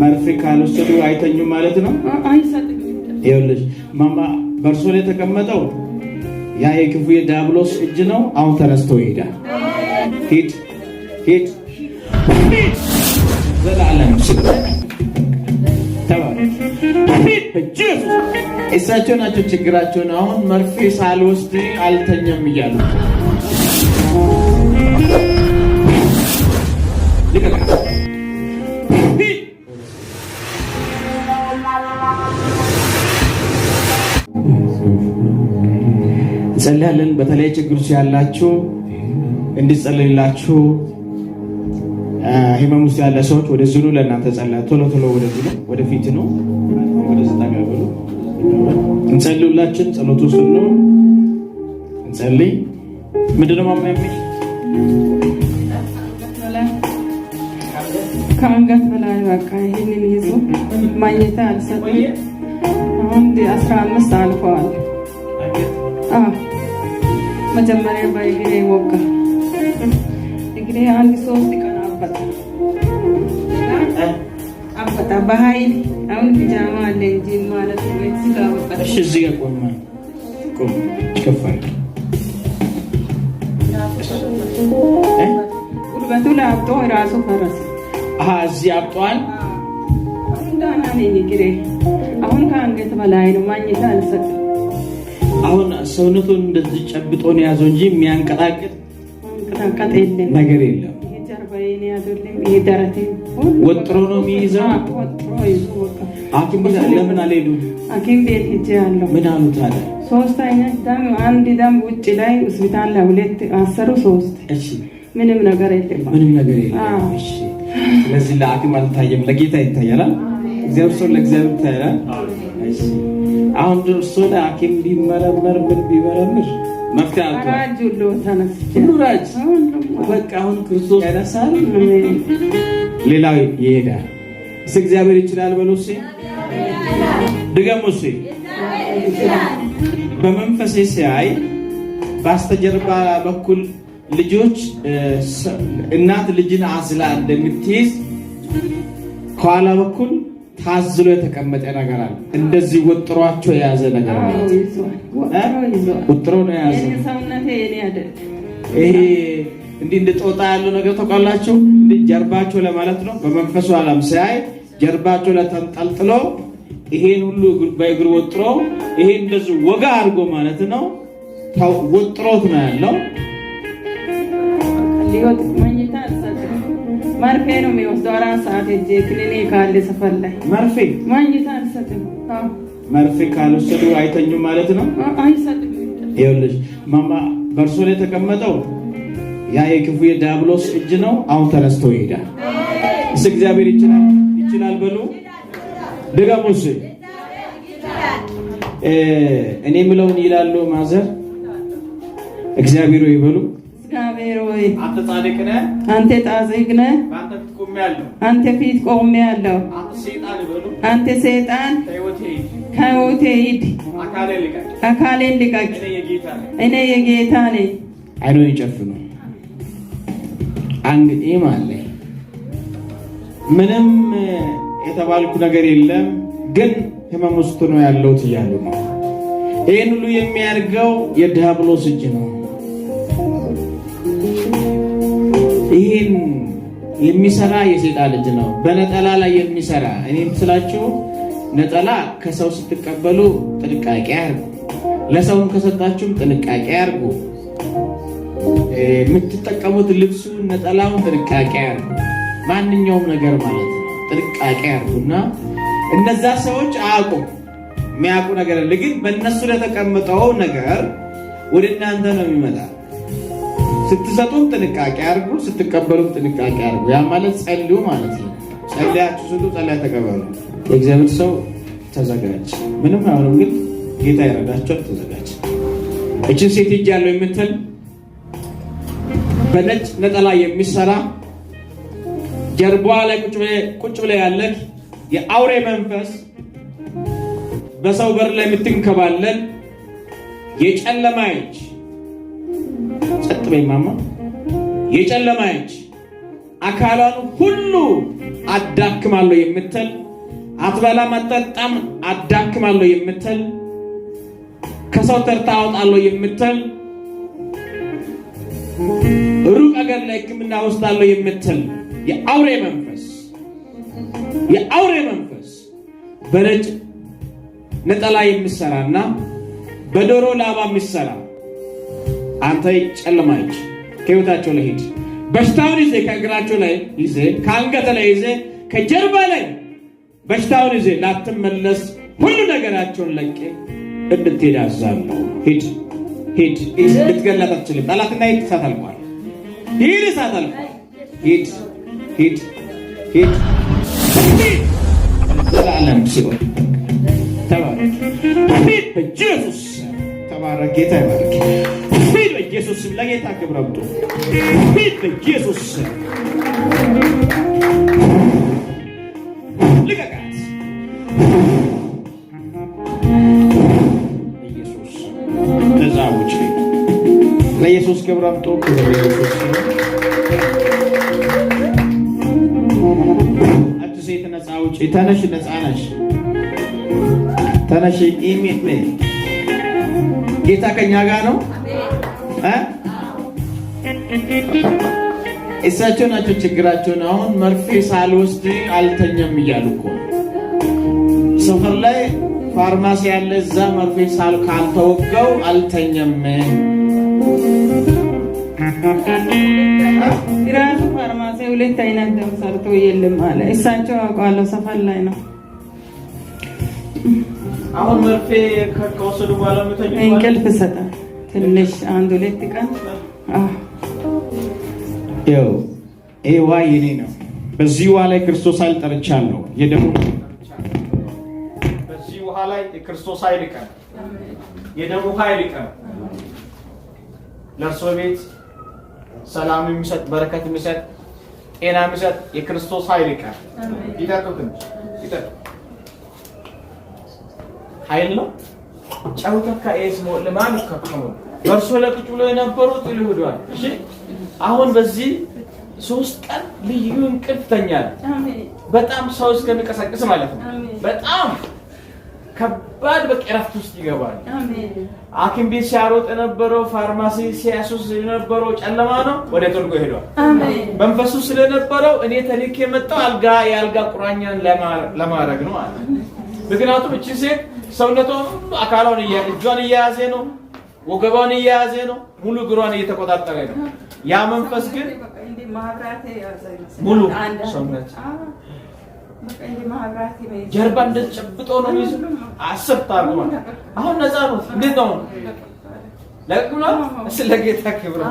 መርፌ ካልወሰዱ አይተኙም ማለት ነው። ይኸውልሽ ማማ በእርሶ ላይ የተቀመጠው ያ የክፉ የዲያብሎስ እጅ ነው። አሁን ተነስቶ ይሄዳል። ሂድ ሂድ ዘላለም እሳቸው ናቸው ችግራቸውን። አሁን መርፌ ሳልወስድ አልተኛም እያሉ እንጸልያለን። በተለይ ችግር ውስጥ ያላችሁ እንዲጸልይላችሁ ህመም ውስጥ ያለ ሰዎች ወደ ዝኑ ለእናንተ ጸላ ቶሎ ቶሎ ወደ ዝኑ ወደ ፊት ነው ወደ እንጸልዩላችን ጸሎቱ ውስጥ ነው። እንጸልይ ማማ ማምናሚ ከአንገት በላይ በቃ ይህንን ይዞ ማግኘት አልሰጥም። አሁን አስራ አምስት አልፈዋል። መጀመሪያ በእግሬ ወጋ። እግሬ አንድ ሶስት ቀን አፈጣ አበጣ በኃይል አሁን ፒጃማ አለ እንጂ ማለት ነው። እዚህ ጋር ወጣ። እሺ፣ እዚህ ጋር ማለት ቆም ይከፋል። ጉልበቱ ለአብጦ ራሱ እዚህ አብጧል። አሁን ደህና ነኝ። እግሬ አሁን ከአንገት በላይ ነው። ማኝታ አልሰጥም አሁን ሰውነቱን እንደዚህ ጨብጦ ነው ያዘው እንጂ የሚያንቀጣቅጥ ነገር የለም። ወጥሮ ነው የሚይዘው። ሐኪም ቤት ለምን አልሄዱም? ሐኪም ቤት ሂጅ ያለው ምን አሉት አለ ሶስት አይነት ደም፣ አንድ ደም ውጭ ላይ ሆስፒታል ላይ ሁለት አሰሩ። ሶስት ምንም ነገር የለም፣ ምንም ነገር የለም። ስለዚህ ለሐኪም አልታየም፣ ለጌታ ይታያል። እግዚአብሔር ሰው ለእግዚአብሔር ይታያል። አሁን እሱን ሐኪም ቢመረመር ምን ቢመረምር መፍትሄ ራጅ በቃ አሁን ክርስቶስ ያነሳል፣ ሌላው ይሄዳል። እስ እግዚአብሔር ይችላል በሉ እሺ፣ ድገሙ በመንፈሴ ሲያይ በስተጀርባ በኩል ልጆች እናት ልጅን አዝላ እንደምትይዝ ከኋላ በኩል ታዝሎ የተቀመጠ ነገር አለ። እንደዚህ ወጥሯቸው የያዘ ነገር አለ። ወጥሮ ነው የያዘ ይሄ እንዲህ እንደ ጦጣ ያለው ነገር ተቋላችሁ እንዲህ ጀርባቸው ለማለት ነው። በመንፈሱ ዓለም ሲያይ ጀርባቸው ለተንጠልጥሎ ይሄን ሁሉ በእግር ወጥሮ ይሄን እንደዚህ ወጋ አድርጎ ማለት ነው። ወጥሮት ነው ያለው መርፌ ነው የሚወስደው። አራት ሰዓት ሄጄ ክሊኒክ አለ ሰፈር ላይ መርፌ ማግኘት አልሰጥም። መርፌ ካልወሰዱ አይተኙም ማለት ነው። አይሰጥም። ይኸውልሽ ማማ በእርሶ ላይ የተቀመጠው ያ የክፉ የዲያብሎስ እጅ ነው። አሁን ተነስተው ይሄዳል። እስ እግዚአብሔር ይችላል ይችላል። በሉ ድገሙስ። እኔ ምለውን ይላሉ ማዘር እግዚአብሔር ይበሉ እግዚአብሔር ሆይ አንተ ጻድቅ ነህ፣ አንተ ጻድቅ ነህ። አንተ ፊት ቆሜ ያለው አንተ ሰይጣን ከህይወቴ ሂድ፣ አካሌን ልቀቅ። እኔ የጌታ ነኝ። አይኖን ይጨፍኑ። አንግዲም አለ ምንም የተባልኩ ነገር የለም ግን ህመም ውስጥ ነው ያለሁት እያሉ ነው። ይህን ሁሉ የሚያደርገው የዲያብሎስ እጅ ነው። ይሄን የሚሰራ የሴጣ ልጅ ነው፣ በነጠላ ላይ የሚሰራ እኔም ስላችሁ ነጠላ ከሰው ስትቀበሉ ጥንቃቄ አርጉ፣ ለሰውም ከሰጣችሁም ጥንቃቄ አርጉ። የምትጠቀሙት ልብሱን፣ ነጠላውን ጥንቃቄ አርጉ። ማንኛውም ነገር ማለት ነው ጥንቃቄ አርጉና እነዛ ሰዎች አያውቁ የሚያውቁ ነገር ግን በእነሱ ለተቀመጠው ነገር ወደ እናንተ ነው የሚመጣ ስትሰጡም ጥንቃቄ አድርጉ፣ ስትቀበሉም ጥንቃቄ አድርጉ። ያ ማለት ጸልዩ ማለት ነው። ጸልያችሁ ስጡ፣ ጸልያ ተቀበሉ። የእግዚአብሔር ሰው ተዘጋጅ። ምንም አይሆንም፣ ግን ጌታ ይረዳቸዋል። ተዘጋጅ። እችን ሴት እጅ ያለው የምትል በነጭ ነጠላ የሚሰራ ጀርቧ ላይ ቁጭ ብላ ያለች የአውሬ መንፈስ በሰው በር ላይ የምትንከባለል የጨለማ እጅ ጸጥ በይ ማማ። የጨለማ እጅ አካሏን ሁሉ አዳክማለሁ የምትል አትበላም አትጠጣም አዳክማለሁ የምትል ከሰው ተርታ አወጣለሁ የምትል ሩቅ አገር ለሕክምና ወስዳለሁ የምትል የአውሬ መንፈስ የአውሬ መንፈስ በነጭ ነጠላ የምሰራና በዶሮ ላባ የምሰራ አንተ ጨለማ ይች ከህይወታቸው ላይ ሂድ። በሽታውን ይዘ ከእግራቸው ላይ ይዘ ከአንገተ ላይ ይዘ ከጀርባ ላይ በሽታውን ይዘ ላትመለስ ሁሉ ነገራቸውን ለቀ እንድትሄድ አዛለሁ። ሂድ ሂድ፣ ልትገላት አትችልም። ጠላትና ሂድ፣ እሳት አልቋል። ሂድ፣ እሳት አልቋል። ሂድ ሂድ ሂድ ለዓለም ሲሆን ተባረክ። በኢየሱስ ተባረክ። ጌታ ይባርክ። ሂድ በኢየሱስ ስም። ለጌታ ክብር አምጡ። ሂድ በኢየሱስ ስም። ልቀቃት ኢየሱስ። ለዛቦች ለኢየሱስ ክብር አምጡ። አዲስ ሴት ነፃ ውጪ። ተነሽ፣ ነፃ ነሽ። ተነሽ። ኢሚት ጌታ ከኛ ጋር ነው። እሳቸው ናቸው ችግራቸውን። አሁን መርፌ ሳልወስድ አልተኛም እያሉ እኮ ሰፈር ላይ ፋርማሲ ያለ እዛ መርፌ ሳል ካልተወጋው አልተኛም። ራሱ ፋርማሲ ሁለት አይነት ደም ሰርቶ የለም አለ። እሳቸው አውቃለሁ፣ ሰፈር ላይ ነው። አሁን መርፌ ከወሰዱ በኋላ እንቅልፍ ሰጠ ትንሽ አንድ ሁለት ቀን ው ኤዋ የኔ ነው። በዚህ ውሃ ላይ ክርስቶስ ኃይል ጠርቻለሁ። የደሙ በዚህ ውሃ ላይ ክርስቶስ ኃይል ቀን የደሙ ኃይል ቀን ለእርሶ ቤት ሰላም የሚሰጥ በረከት የሚሰጥ ጤና የሚሰጥ የክርስቶስ ኃይል ቀን ይጠጡትን ይጠጡ ኃይል ነው። ጨውተካ ነው ለማን ከከሙ በእርሶ ለቅጭ ብሎ የነበሩት ይልሁዷል። እሺ አሁን በዚህ ሶስት ቀን ልዩ እንቅልፍ ተኛል። በጣም ሰው እስከሚቀሳቅስ ማለት ነው። በጣም ከባድ በቃ እረፍት ውስጥ ይገባል። ሐኪም ቤት ሲያሮጥ የነበረው ፋርማሲ ሲያሱስ የነበረው ጨለማ ነው፣ ወደ ጥልቁ ሄዷል። መንፈሱ ስለነበረው እኔ ተልኬ የመጣው አልጋ የአልጋ ቁራኛን ለማድረግ ነው አለ። ምክንያቱም እቺ ሴት ሰውነቷ አካሏን እጇን እየያዘ ነው፣ ወገቧን እየያዘ ነው፣ ሙሉ እግሯን እየተቆጣጠረ ነው። ያ መንፈስ ግን ሙሉ ሰውነት ጀርባ እንደዚህ ጨብጦ ነው ይዞ አሰብታ አሁን ነፃ ነው። እንዴት ነው ለቅምና ስለ ጌታ ክብር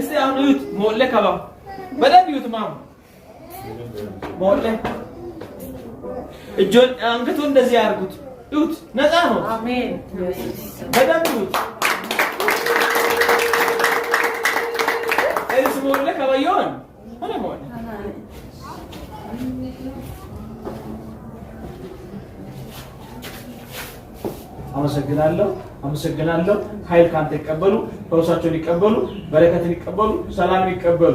እስቲ አሁን እዩት። ሞለከባ በደንብ እዩት ማሙ ሞለ እጆን አንገቱ እንደዚህ ያርጉት። እዩት፣ ነፃ ነው። አሜን። በደንብ እዩት። እዚህ ሞለ ከበየውን ሆነ ሞለ አመሰግናለሁ። አመሰግናለሁ። ኃይል ካንተ ይቀበሉ፣ ፈውሳቸውን ይቀበሉ፣ በረከትን ይቀበሉ፣ ሰላምን ይቀበሉ።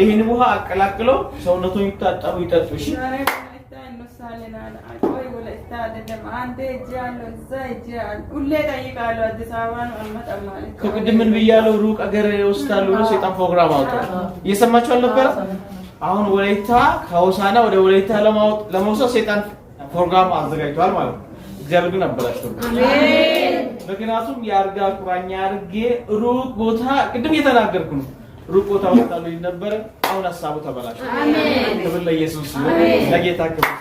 ይሄን ውሃ አቀላቅለው ሰውነቱ ይታጠቡ፣ ይጠጡ። እሺ ከቅድም ምን ብያለሁ? ሩቅ አገር ይወስዳሉ ብሎ ሰይጣን ፕሮግራም አወጣ። እየሰማችሁ አልነበረ? አሁን ወላይታ ከሆሳና ወደ ወላይታ ለመውሰድ ሰይጣን ፕሮግራም አዘጋጅቷል ማለት ነው። እግዚአብሔር ግን አበላሽቶ ምክንያቱም የአልጋ ቁራኛ አርጌ ሩቅ ቦታ ቅድም እየተናገርኩ ነው ሩቅ ቦታ ወጣሉ ነበረ። አሁን ሀሳቡ ተበላሽ። ክብር ለኢየሱስ ለጌታ ክብር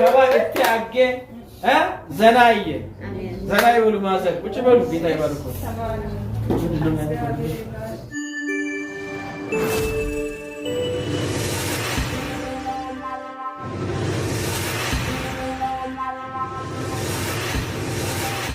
ከባ ገባ እ ዘናዬ ዘናይ በሉ ማዘን ቁጭ በሉ ጌታ ይባርኮ